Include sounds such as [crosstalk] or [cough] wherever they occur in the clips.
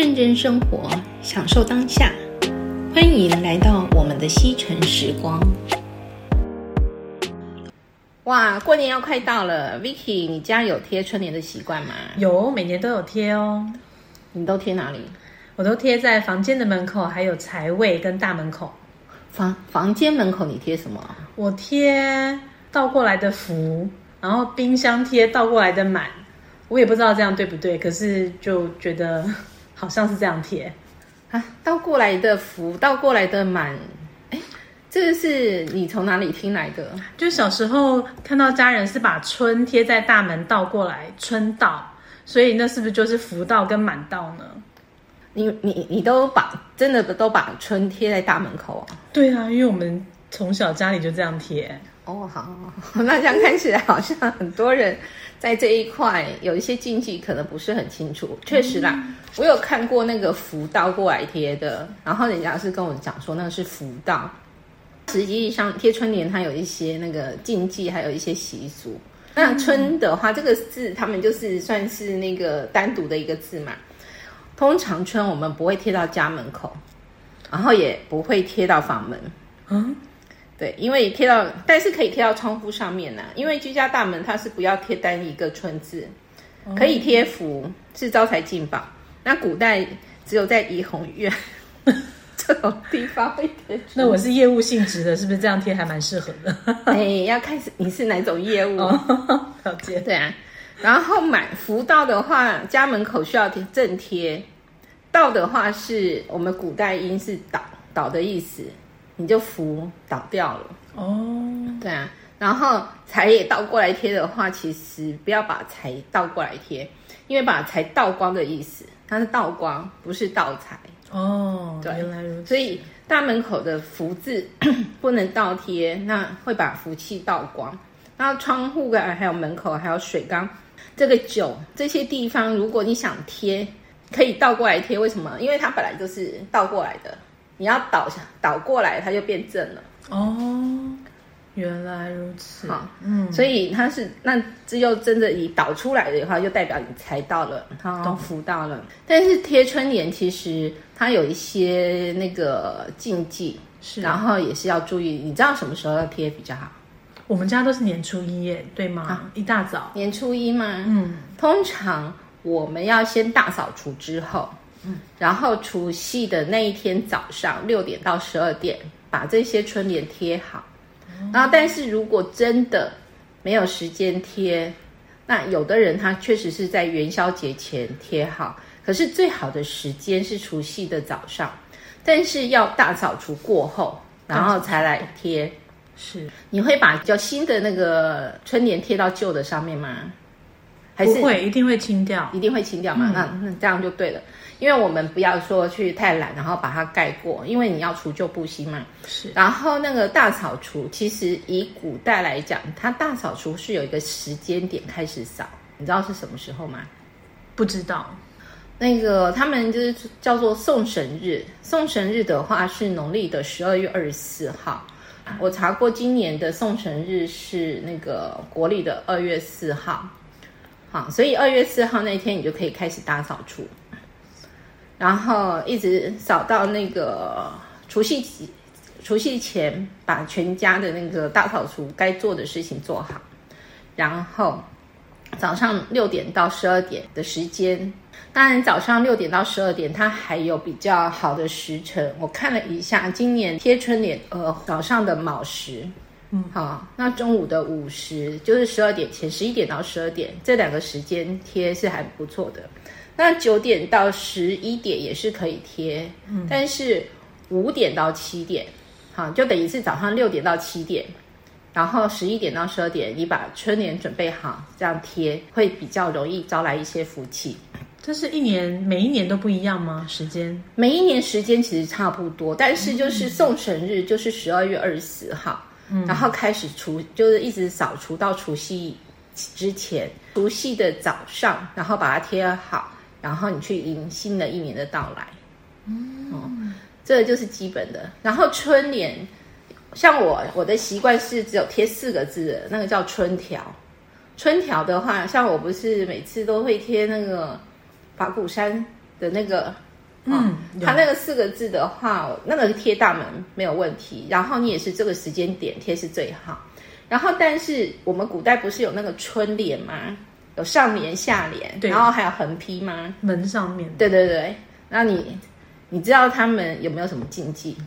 認真生活，享受當下。歡迎來到我們的西城時光。哇，過年要快到了，Vicky，你家有貼春聯的習慣嗎？有，每年都有貼哦。你都貼哪裡？我都貼在房間的門口，還有財位跟大門口。房房間門口你貼什麼？我貼倒過來的福，然後冰箱貼倒過來的滿。我也不知道這樣對不對，可是就覺得。好像是這樣貼啊，倒過來的福，倒過來的滿，哎、欸，這個是你從哪裡聽來的？就小時候看到家人是把春貼在大門倒過來，春到。所以那是不是就是福到跟滿到呢？你你你你都把真的都把春貼在大門口啊？對啊，因為我們從小家裡就這樣貼。哦、oh，好，那這樣看起來好像很多人，在這一塊有一些禁忌，可能不是很清楚。確實啦，嗯嗯，我有看過那個福倒過來貼的，然後人家是跟我講說那是福到。實際上貼春聯它有一些那個禁忌，還有一些習俗。那春的話，這個字他們就是算是那個單獨的一個字嘛。通常春我們不會貼到家門口，然後也不會貼到房門，嗯。對，因為貼到，但是可以貼到窗戶上面吶、啊。因為居家大門它是不要貼單一個春字，嗯、可以貼福，是招財進寶。那古代只有在怡紅院 [laughs] 這種地方會貼。 [laughs] 那我是業務性質的，是不是這樣貼還蠻適合的？ [laughs] 哎，要看，你是哪種業務？ [laughs] 哦、好對啊，然後買福到的話，家門口需要正貼，到的話是我們古代音是倒倒的意思。你就福倒掉了哦，oh. 對啊，然後財也倒過來貼的話，其實不要把財倒過來貼，因為把財倒光的意思，它是倒光，不是倒財哦。Oh, 對原來如此，所以大門口的福字 [coughs] 不能倒貼，那會把福氣倒光。那窗戶啊，還有門口，還有水缸，這個酒這些地方，如果你想貼，可以倒過來貼。為什麼？因為它本來就是倒過來的。你要倒下倒過來，它就變正了。哦，原來如此。好，嗯，所以它是那只有真的你倒出來的話，就代表你才到了，都福好到了。但是貼春聯其實它有一些那個禁忌，是然後也是要注意。你知道什麼時候要貼比較好？我們家都是年初一耶，對嗎、啊？一大早，年初一嗎？嗯，通常我們要先大掃除之後。嗯，然後除夕的那一天早上六點到十二點把這些春聯貼好。然後，但是如果真的沒有時間貼，那有的人他確實是在元宵節前貼好。可是最好的時間是除夕的早上，但是要大掃除過後，然後才來貼。是，你會把比較新的那個春聯貼到舊的上面嗎？還是不會，一定會清掉、嗯，一定會清掉嘛。那那這樣就對了。因為我們不要說去太懶，然後把它蓋過，因為你要除舊布新嘛。是。然後那個大掃除，其實以古代來講，它大掃除是有一個時間點開始掃，你知道是什麼時候嗎？不知道。那個他們就是叫做送神日，送神日的話是農曆的十二月二十四號。嗯。我查過，今年的送神日是那個國曆的二月四號。好，所以二月四號那天你就可以開始大掃除。然後一直找到那個除夕除夕前把全家的那個大掃除該做的事情做好。然後早上六點到十二點的時間，當然早上六點到十二點它還有比較好的時辰。我看了一下，今年貼春聯，呃，早上的卯時，嗯，好，那中午的午時就是十二點前，十一點到十二點這兩個時間貼是還不錯的。那九點到十一點也是可以貼，嗯、但是五點到七點，哈，就等於是早上六點到七點，然後十一點到十二點，你把春聯準備好，這樣貼會比較容易招來一些福氣。這是一年每一年都不一樣嗎？時間每一年時間其實差不多，但是就是送神日就是十二月二十四號，嗯、然後開始除，就是一直掃除到除夕之前，除夕的早上，然後把它貼好。然後你去迎新的一年的到來，嗯、哦，這個就是基本的。然後春聯，像我我的習慣是只有貼四個字的，那個叫春條。春條的話，像我不是每次都會貼那個法鼓山的那個，哦、嗯，它那個四個字的話，那個貼大門沒有問題。然後你也是這個時間點貼是最好。然後，但是我們古代不是有那個春聯嗎？有上聯、下聯對，然後還有橫批嗎？門上面。對對對，那你你知道他們有沒有什麼禁忌？嗯、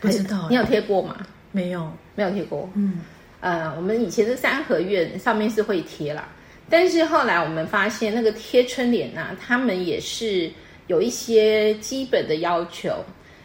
不知道。你有貼過嗎？沒有，沒有貼過。嗯，呃，我們以前的三合院，上面是會貼啦，但是後來我們發現那個貼春聯吶、啊，他們也是有一些基本的要求，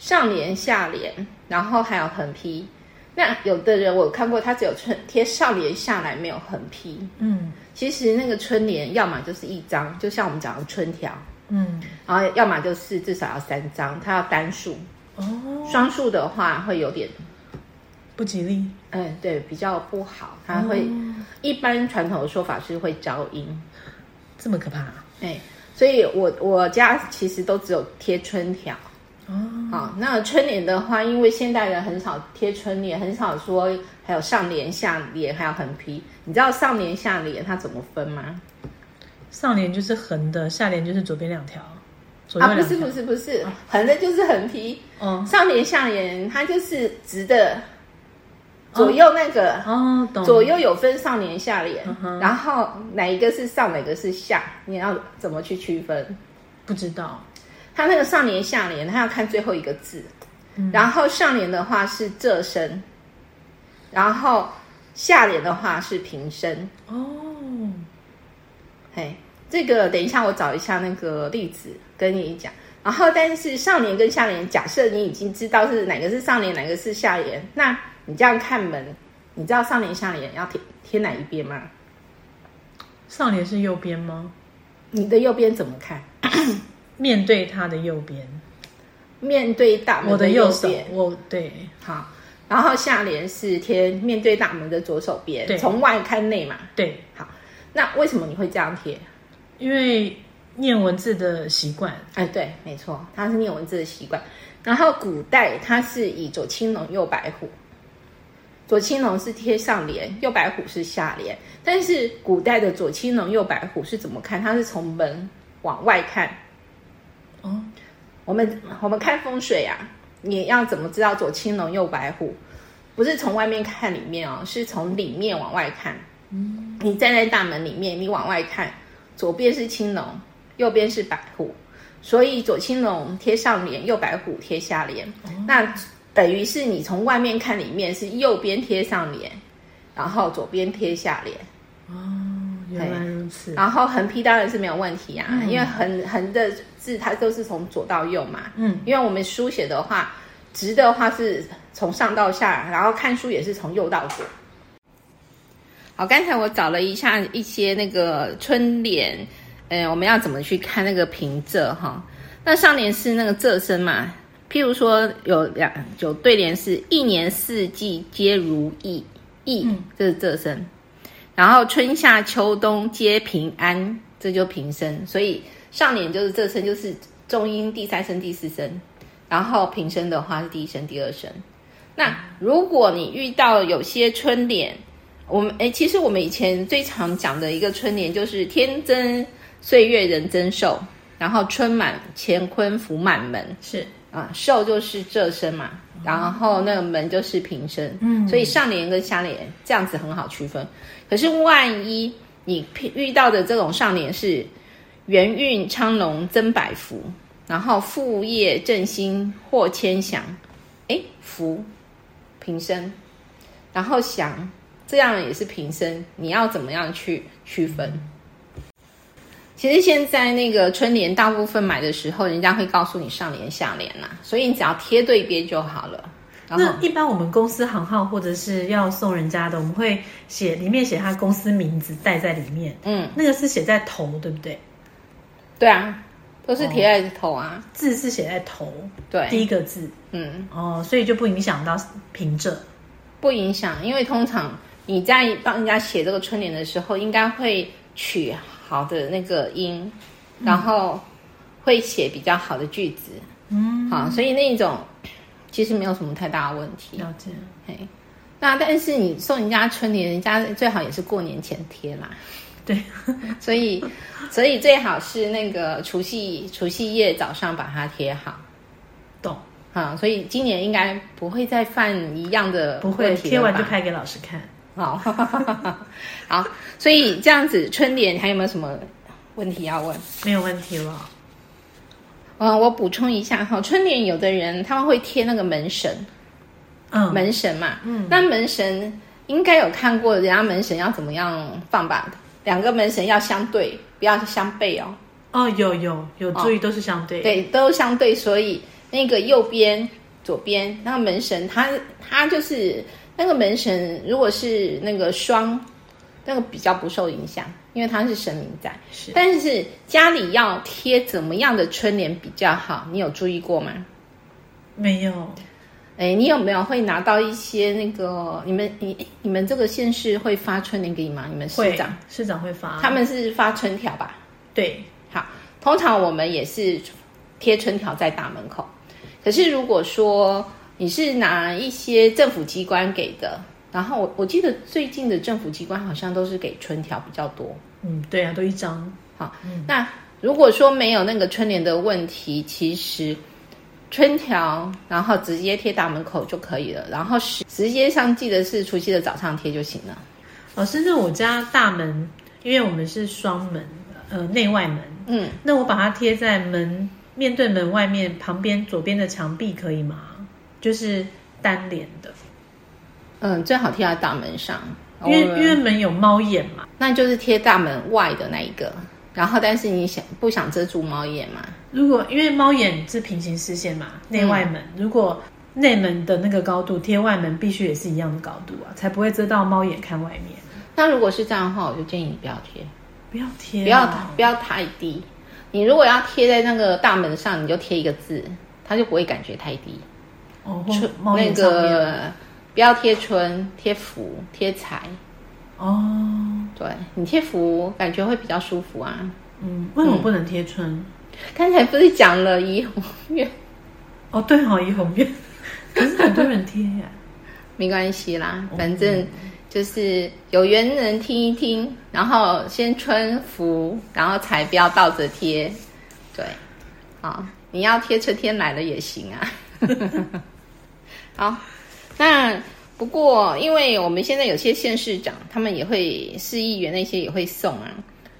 上聯、下聯，然後還有橫批。那有的人我看過，他只有春貼上聯下來，沒有橫批。嗯，其實那個春聯，要麼就是一張，就像我們講的春條。嗯，然後要麼就是至少要三張，他要單數。哦，雙數的話會有點不吉利。嗯，對，比較不好。他會、嗯、一般傳統的說法是會招陰。這麼可怕、啊？哎、欸，所以我我家其實都只有貼春條。Oh. 好，那春聯的話，因為現代人很少貼春聯，很少說還有上聯、下聯，還有橫批。你知道上聯、下聯它怎麼分嗎？上聯就是橫的，下聯就是左邊兩條。左啊，不是不是不是，橫、oh. 的就是橫批、oh.。嗯，上聯下聯它就是直的，左右那個哦，oh. Oh, 懂，左右有分上聯下聯，uh huh. 然後哪一個是上，哪個是下，你要怎麼去區分？不知道。它那個上聯下聯，他要看最後一個字，嗯，然後上聯的話是仄聲，然後下聯的話是平聲。哦，哎，這個等一下我找一下那個例子跟你講。然後，但是上聯跟下聯，假設你已經知道是哪個是上聯，哪個是下聯，那你這樣看門，你知道上聯下聯要貼貼哪一邊嗎？上聯是右邊嗎？你的右邊怎麼看？ [coughs] 面對他的右邊，面對大門的右，的右手，我，對。好，然後下聯是貼面對大門的左手邊，對從外看內嘛。對，好。那為什麼你會這樣貼？因為念文字的習慣。哎，對，沒錯，它是念文字的習慣。然後古代它是以左青龍右白虎，左青龍是貼上聯，右白虎是下聯。但是古代的左青龍右白虎是怎麼看？它是從門往外看。哦、我們我們看風水啊，你要怎麼知道左青龍右白虎？不是從外面看裡面哦，是從裡面往外看。嗯，你站在大門裡面，你往外看，左邊是青龍，右邊是白虎，所以左青龍貼上聯，右白虎貼下聯。哦、那等於是你從外面看裡面是右邊貼上聯，然後左邊貼下聯。哦，原來如此。然後橫批當然是沒有問題啊，嗯、因為橫橫的。字它都是從左到右嘛，嗯，因為我們書寫的話，直的話是從上到下，然後看書也是從右到左。好，剛才我找了一下一些那個春聯，嗯，我們要怎麼去看那個平仄哈？那上聯是那個仄聲嘛，譬如說有兩就對聯是一年四季皆如意，意這是仄聲，然後春夏秋冬皆平安，這就平聲，所以。上聯就是這聲，就是重音第三聲、第四聲；然後平聲的話是第一聲、第二聲。那如果你遇到有些春聯，我們哎，其實我們以前最常講的一個春聯就是“天增歲月人增壽”，然後“春滿乾坤福滿門”是。是啊，壽就是這聲嘛，然後那個門就是平聲。嗯，所以上聯跟下聯這樣子很好區分。可是萬一你遇到的這種上聯是。圓運昌隆增百福，然後副業振興獲千祥，哎，福平聲然後祥，這樣也是平聲，你要怎麼樣去區分？其實現在那個春聯大部分買的時候，人家會告訴你上聯下聯啦、啊，所以你只要貼對邊就好了。那一般我們公司行號或者是要送人家的，我們會寫裡面寫他公司名字帶在裡面，嗯，那個是寫在頭，對不對？對啊，都是貼在頭啊，哦、字是寫在頭，對，第一個字，嗯，哦，所以就不影響到平仄，不影響，因為通常你在幫人家寫這個春聯的時候，應該會取好的那個音，然後會寫比較好的句子，嗯，好，所以那一種其實沒有什麼太大的問題。了解，嘿，那但是你送人家春聯，人家最好也是過年前貼啦。對， [laughs] 所以所以最好是那個除夕除夕夜早上把它貼好，懂啊、嗯？所以今年應該不會再犯一樣的不會，貼完就拍給老師看，好、哦， [laughs] [laughs] 好。所以這樣子春聯還有沒有什麼問題要問？沒有問題了。嗯，我補充一下哈、哦，春聯有的人他們會貼那個門神，嗯，門神嘛，嗯，那門神應該有看過人家門神要怎麼樣放吧？兩個門神要相對，不要相背哦。哦，有有有注意，哦、都是相對。對，都相對。所以那個右邊、左邊那個門神，他他就是那個門神，如果是那個雙，那個比較不受影響，因為他是神明在。是。但是家裡要貼怎麼樣的春聯比較好？你有注意過嗎？沒有。哎、欸，你有沒有會拿到一些那個？你們你你們這個縣市會發春聯給你嗎？你們市長市長會發？他們是發春條吧？對，好，通常我們也是貼春條在大門口。可是如果說你是拿一些政府機關給的，然後我我記得最近的政府機關好像都是給春條比較多。嗯，對啊，都一張。好，嗯、那如果說沒有那個春聯的問題，其實。圈條，然後直接貼大門口就可以了。然後是直接上，記得是除夕的早上貼就行了。老師，那我家大門，因為我們是雙門，呃，內外門，嗯，那我把它貼在門面對門外面旁邊左邊的牆壁可以嗎？就是單聯的。嗯，最好貼在大門上，因為因為門有貓眼嘛，那就是貼大門外的那一個。然後，但是你想不想遮住貓眼嘛？如果因為貓眼是平行視線嘛，嗯、內外門，如果內門的那個高度貼外門，必須也是一樣的高度啊，才不會遮到貓眼看外面。那如果是這樣的話，我就建議你不要貼，不要貼不要，不要不要太低。你如果要貼在那個大門上，你就貼一個字，它就不會感覺太低。哦，那個不要貼春，貼福，貼財。哦，oh，對你貼福感覺會比較舒服啊。嗯，為什麼不能貼春？剛、嗯、才不是講了怡紅院？哦、oh，對哦，怡紅院，可是很多人貼呀。 [laughs] 沒關係啦，反正就是有緣人聽一聽，然後先春福，然後才不要倒着貼。對，啊，你要貼春天來了也行啊。 [laughs] 好，那。不過，因為我們現在有些縣市長，他們也會市議員那些也會送啊，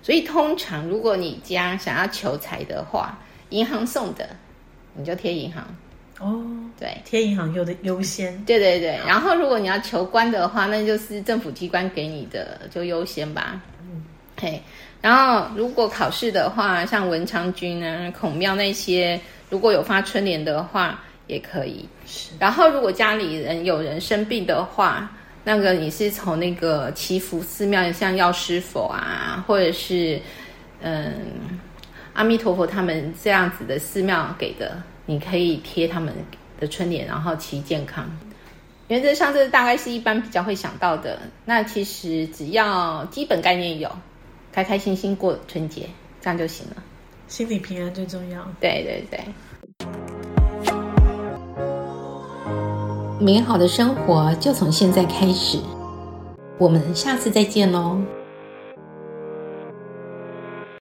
所以通常如果你家想要求財的話，銀行送的，你就貼銀行哦。對，貼銀行有的優先。對對對，對，然後如果你要求官的話，那就是政府機關給你的，就優先吧。嗯。對。然後如果考試的話，像文昌君啊、孔廟那些，如果有發春聯的話。也可以，是。然後如果家裡人有人生病的話，那個你是從那個祈福寺廟，像藥師佛啊，或者是嗯阿彌陀佛他們這樣子的寺廟給的，你可以貼他們的春聯，然後祈健康。原則上這大概是一般比較會想到的。那其實只要基本概念有，開開心心過春節，這樣就行了。心裡平安最重要。對對對。美好的生活就從現在開始，我們下次再見嘍。